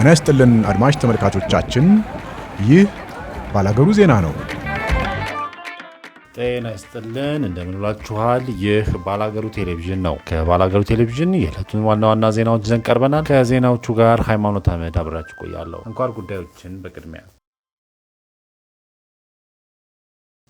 ጤና ይስጥልን አድማጭ ተመልካቾቻችን፣ ይህ ባላገሩ ዜና ነው። ጤና ይስጥልን እንደምንላችኋል። ይህ ባላገሩ ቴሌቪዥን ነው። ከባላገሩ ቴሌቪዥን የዕለቱን ዋና ዋና ዜናዎች ይዘን ቀርበናል። ከዜናዎቹ ጋር ሃይማኖት አመድ አብራችሁ ቆያለሁ። አንኳር ጉዳዮችን በቅድሚያ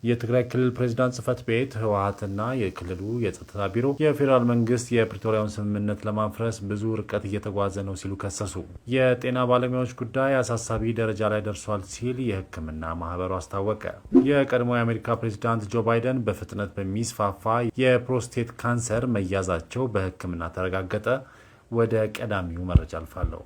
የትግራይ ክልል ፕሬዚዳንት ጽህፈት ቤት ህወሀትና የክልሉ የጸጥታ ቢሮ የፌዴራል መንግስት የፕሪቶሪያውን ስምምነት ለማፍረስ ብዙ ርቀት እየተጓዘ ነው ሲሉ ከሰሱ። የጤና ባለሙያዎች ጉዳይ አሳሳቢ ደረጃ ላይ ደርሷል ሲል የሕክምና ማህበሩ አስታወቀ። የቀድሞ የአሜሪካ ፕሬዚዳንት ጆ ባይደን በፍጥነት በሚስፋፋ የፕሮስቴት ካንሰር መያዛቸው በሕክምና ተረጋገጠ። ወደ ቀዳሚው መረጃ አልፋለሁ።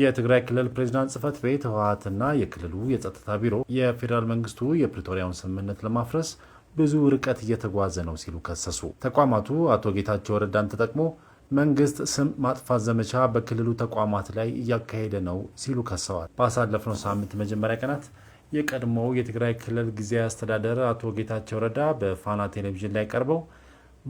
የትግራይ ክልል ፕሬዚዳንት ጽህፈት ቤት ህወሀትና የክልሉ የጸጥታ ቢሮ የፌዴራል መንግስቱ የፕሪቶሪያውን ስምምነት ለማፍረስ ብዙ ርቀት እየተጓዘ ነው ሲሉ ከሰሱ። ተቋማቱ አቶ ጌታቸው ረዳን ተጠቅሞ መንግስት ስም ማጥፋት ዘመቻ በክልሉ ተቋማት ላይ እያካሄደ ነው ሲሉ ከሰዋል። ባሳለፍነው ሳምንት መጀመሪያ ቀናት የቀድሞው የትግራይ ክልል ጊዜያዊ አስተዳደር አቶ ጌታቸው ረዳ በፋና ቴሌቪዥን ላይ ቀርበው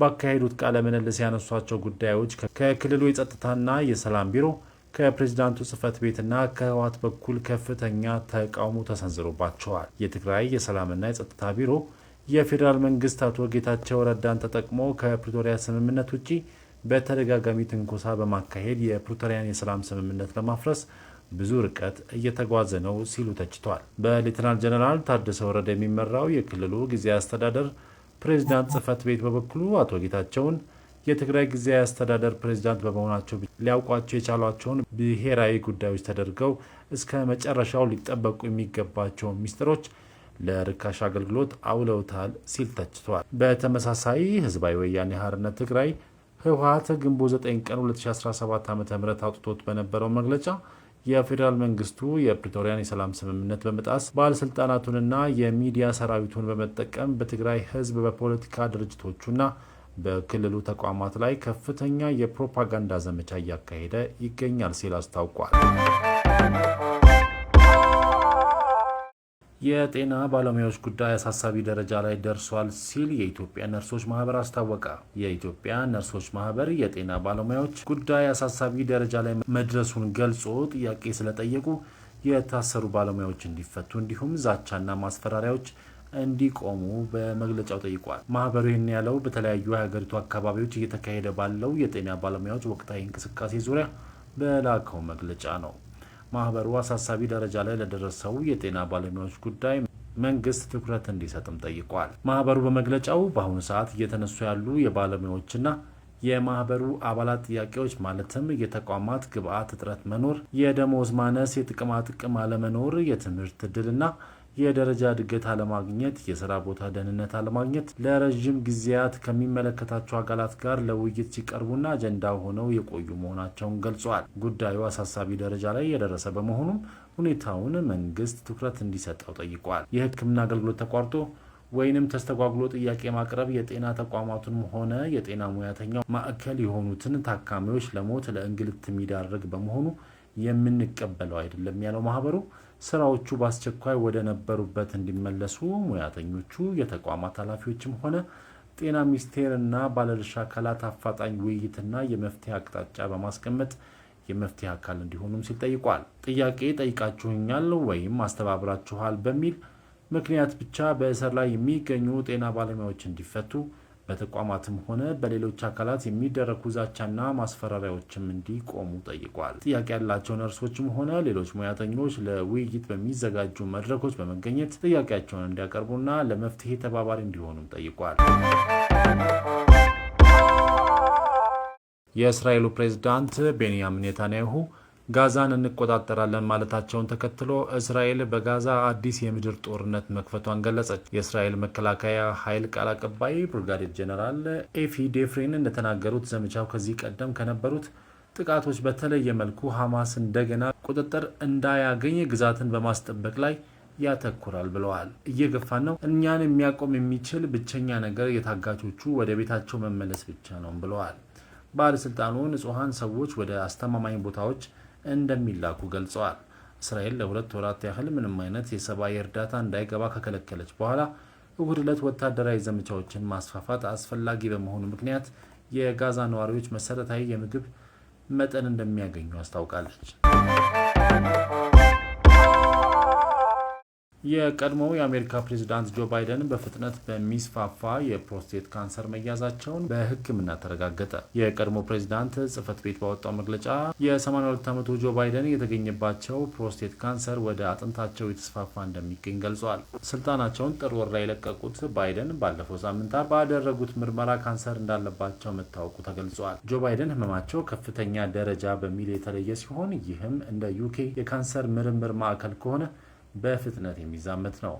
ባካሄዱት ቃለ ምልልስ ያነሷቸው ጉዳዮች ከክልሉ የጸጥታና የሰላም ቢሮ ከፕሬዚዳንቱ ጽህፈት ቤትና ከህወሓት በኩል ከፍተኛ ተቃውሞ ተሰንዝሮባቸዋል። የትግራይ የሰላምና የጸጥታ ቢሮ የፌዴራል መንግስት አቶ ጌታቸው ረዳን ተጠቅሞ ከፕሪቶሪያ ስምምነት ውጪ በተደጋጋሚ ትንኮሳ በማካሄድ የፕሪቶሪያን የሰላም ስምምነት ለማፍረስ ብዙ ርቀት እየተጓዘ ነው ሲሉ ተችቷል። በሌተናል ጀነራል ታደሰ ወረደ የሚመራው የክልሉ ጊዜያዊ አስተዳደር ፕሬዚዳንት ጽህፈት ቤት በበኩሉ አቶ ጌታቸውን የትግራይ ጊዜያዊ አስተዳደር ፕሬዚዳንት በመሆናቸው ሊያውቋቸው የቻሏቸውን ብሔራዊ ጉዳዮች ተደርገው እስከ መጨረሻው ሊጠበቁ የሚገባቸውን ሚስጥሮች ለርካሽ አገልግሎት አውለውታል ሲል ተችቷል። በተመሳሳይ ህዝባዊ ወያኔ ሀርነት ትግራይ ህወሀት ግንቦት 9 ቀን 2017 ዓ ም አውጥቶት በነበረው መግለጫ የፌዴራል መንግስቱ የፕሪቶሪያን የሰላም ስምምነት በመጣስ ባለስልጣናቱንና የሚዲያ ሰራዊቱን በመጠቀም በትግራይ ህዝብ በፖለቲካ ድርጅቶቹና በክልሉ ተቋማት ላይ ከፍተኛ የፕሮፓጋንዳ ዘመቻ እያካሄደ ይገኛል ሲል አስታውቋል። የጤና ባለሙያዎች ጉዳይ አሳሳቢ ደረጃ ላይ ደርሷል ሲል የኢትዮጵያ ነርሶች ማህበር አስታወቀ። የኢትዮጵያ ነርሶች ማህበር የጤና ባለሙያዎች ጉዳይ አሳሳቢ ደረጃ ላይ መድረሱን ገልጾ ጥያቄ ስለጠየቁ የታሰሩ ባለሙያዎች እንዲፈቱ እንዲሁም ዛቻና ማስፈራሪያዎች እንዲቆሙ በመግለጫው ጠይቋል። ማህበሩ ይህን ያለው በተለያዩ የሀገሪቱ አካባቢዎች እየተካሄደ ባለው የጤና ባለሙያዎች ወቅታዊ እንቅስቃሴ ዙሪያ በላከው መግለጫ ነው። ማህበሩ አሳሳቢ ደረጃ ላይ ለደረሰው የጤና ባለሙያዎች ጉዳይ መንግስት ትኩረት እንዲሰጥም ጠይቋል። ማህበሩ በመግለጫው በአሁኑ ሰዓት እየተነሱ ያሉ የባለሙያዎችና የማህበሩ አባላት ጥያቄዎች ማለትም የተቋማት ግብአት እጥረት መኖር፣ የደሞዝ ማነስ፣ የጥቅማ ጥቅም አለመኖር፣ የትምህርት እድልና የደረጃ እድገት አለማግኘት፣ የስራ ቦታ ደህንነት አለማግኘት ለረዥም ጊዜያት ከሚመለከታቸው አካላት ጋር ለውይይት ሲቀርቡና አጀንዳ ሆነው የቆዩ መሆናቸውን ገልጸዋል። ጉዳዩ አሳሳቢ ደረጃ ላይ የደረሰ በመሆኑም ሁኔታውን መንግስት ትኩረት እንዲሰጠው ጠይቋል። የሕክምና አገልግሎት ተቋርጦ ወይንም ተስተጓጉሎ ጥያቄ ማቅረብ የጤና ተቋማቱንም ሆነ የጤና ሙያተኛው ማዕከል የሆኑትን ታካሚዎች ለሞት ለእንግልት የሚዳርግ በመሆኑ የምንቀበለው አይደለም ያለው ማህበሩ ስራዎቹ በአስቸኳይ ወደ ነበሩበት እንዲመለሱ ሙያተኞቹ፣ የተቋማት ኃላፊዎችም ሆነ ጤና ሚኒስቴርና ባለድርሻ አካላት አፋጣኝ ውይይትና የመፍትሄ አቅጣጫ በማስቀመጥ የመፍትሄ አካል እንዲሆኑም ሲል ጠይቋል። ጥያቄ ጠይቃችሁኛል ወይም አስተባብራችኋል በሚል ምክንያት ብቻ በእስር ላይ የሚገኙ ጤና ባለሙያዎች እንዲፈቱ በተቋማትም ሆነ በሌሎች አካላት የሚደረጉ ዛቻና ማስፈራሪያዎችም እንዲቆሙ ጠይቋል። ጥያቄ ያላቸው ነርሶችም ሆነ ሌሎች ሙያተኞች ለውይይት በሚዘጋጁ መድረኮች በመገኘት ጥያቄያቸውን እንዲያቀርቡና ለመፍትሄ ተባባሪ እንዲሆኑም ጠይቋል። የእስራኤሉ ፕሬዝዳንት ቤንያሚን ኔታንያሁ ጋዛን እንቆጣጠራለን ማለታቸውን ተከትሎ እስራኤል በጋዛ አዲስ የምድር ጦርነት መክፈቷን ገለጸች። የእስራኤል መከላከያ ኃይል ቃል አቀባይ ብርጋዴር ጀነራል ኤፊ ዴፍሬን እንደተናገሩት ዘመቻው ከዚህ ቀደም ከነበሩት ጥቃቶች በተለየ መልኩ ሐማስ እንደገና ቁጥጥር እንዳያገኝ ግዛትን በማስጠበቅ ላይ ያተኩራል ብለዋል። እየገፋን ነው። እኛን የሚያቆም የሚችል ብቸኛ ነገር የታጋቾቹ ወደ ቤታቸው መመለስ ብቻ ነው ብለዋል። ባለስልጣኑ ንጹሐን ሰዎች ወደ አስተማማኝ ቦታዎች እንደሚላኩ ገልጸዋል። እስራኤል ለሁለት ወራት ያህል ምንም አይነት የሰብአዊ እርዳታ እንዳይገባ ከከለከለች በኋላ እሁድ ዕለት ወታደራዊ ዘመቻዎችን ማስፋፋት አስፈላጊ በመሆኑ ምክንያት የጋዛ ነዋሪዎች መሰረታዊ የምግብ መጠን እንደሚያገኙ አስታውቃለች። የቀድሞው የአሜሪካ ፕሬዚዳንት ጆ ባይደን በፍጥነት በሚስፋፋ የፕሮስቴት ካንሰር መያዛቸውን በሕክምና ተረጋገጠ። የቀድሞ ፕሬዚዳንት ጽህፈት ቤት ባወጣው መግለጫ የ82 ዓመቱ ጆ ባይደን የተገኘባቸው ፕሮስቴት ካንሰር ወደ አጥንታቸው የተስፋፋ እንደሚገኝ ገልጿል። ስልጣናቸውን ጥር ወር ላይ የለቀቁት ባይደን ባለፈው ሳምንት ባደረጉት ምርመራ ካንሰር እንዳለባቸው መታወቁ ተገልጿል። ጆ ባይደን ህመማቸው ከፍተኛ ደረጃ በሚል የተለየ ሲሆን ይህም እንደ ዩኬ የካንሰር ምርምር ማዕከል ከሆነ በፍጥነት የሚዛመት ነው።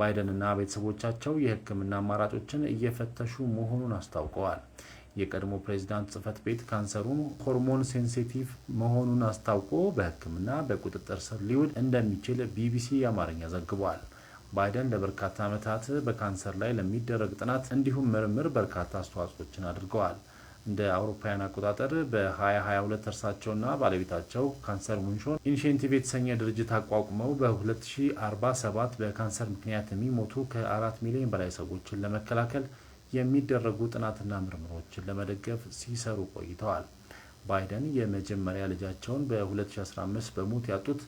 ባይደንና ቤተሰቦቻቸው የሕክምና አማራጮችን እየፈተሹ መሆኑን አስታውቀዋል። የቀድሞ ፕሬዚዳንት ጽህፈት ቤት ካንሰሩን ሆርሞን ሴንሲቲቭ መሆኑን አስታውቆ በሕክምና በቁጥጥር ስር ሊውል እንደሚችል ቢቢሲ የአማርኛ ዘግቧል። ባይደን ለበርካታ ዓመታት በካንሰር ላይ ለሚደረግ ጥናት እንዲሁም ምርምር በርካታ አስተዋጽኦችን አድርገዋል። እንደ አውሮፓውያን አቆጣጠር በ2022 እርሳቸውና ባለቤታቸው ካንሰር ሙንሾን ኢኒሽንቲቭ የተሰኘ ድርጅት አቋቁመው በ2047 በካንሰር ምክንያት የሚሞቱ ከ4 ሚሊዮን በላይ ሰዎችን ለመከላከል የሚደረጉ ጥናትና ምርምሮችን ለመደገፍ ሲሰሩ ቆይተዋል። ባይደን የመጀመሪያ ልጃቸውን በ2015 በሞት ያጡት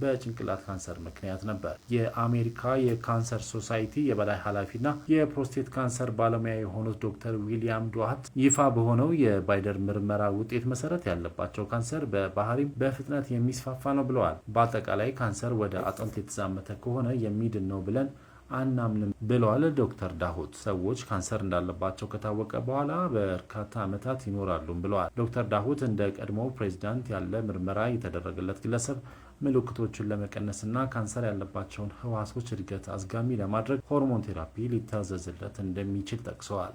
በጭንቅላት ካንሰር ምክንያት ነበር። የአሜሪካ የካንሰር ሶሳይቲ የበላይ ኃላፊና የፕሮስቴት ካንሰር ባለሙያ የሆኑት ዶክተር ዊሊያም ዱዋት ይፋ በሆነው የባይደር ምርመራ ውጤት መሰረት ያለባቸው ካንሰር በባህሪም በፍጥነት የሚስፋፋ ነው ብለዋል። በአጠቃላይ ካንሰር ወደ አጥንት የተዛመተ ከሆነ የሚድን ነው ብለን አናምንም ብለዋል ዶክተር ዳሁት። ሰዎች ካንሰር እንዳለባቸው ከታወቀ በኋላ በርካታ ዓመታት ይኖራሉም ብለዋል ዶክተር ዳሁት። እንደ ቀድሞው ፕሬዚዳንት ያለ ምርመራ የተደረገለት ግለሰብ ምልክቶችን ለመቀነስና ካንሰር ያለባቸውን ህዋሶች እድገት አዝጋሚ ለማድረግ ሆርሞን ቴራፒ ሊታዘዝለት እንደሚችል ጠቅሰዋል።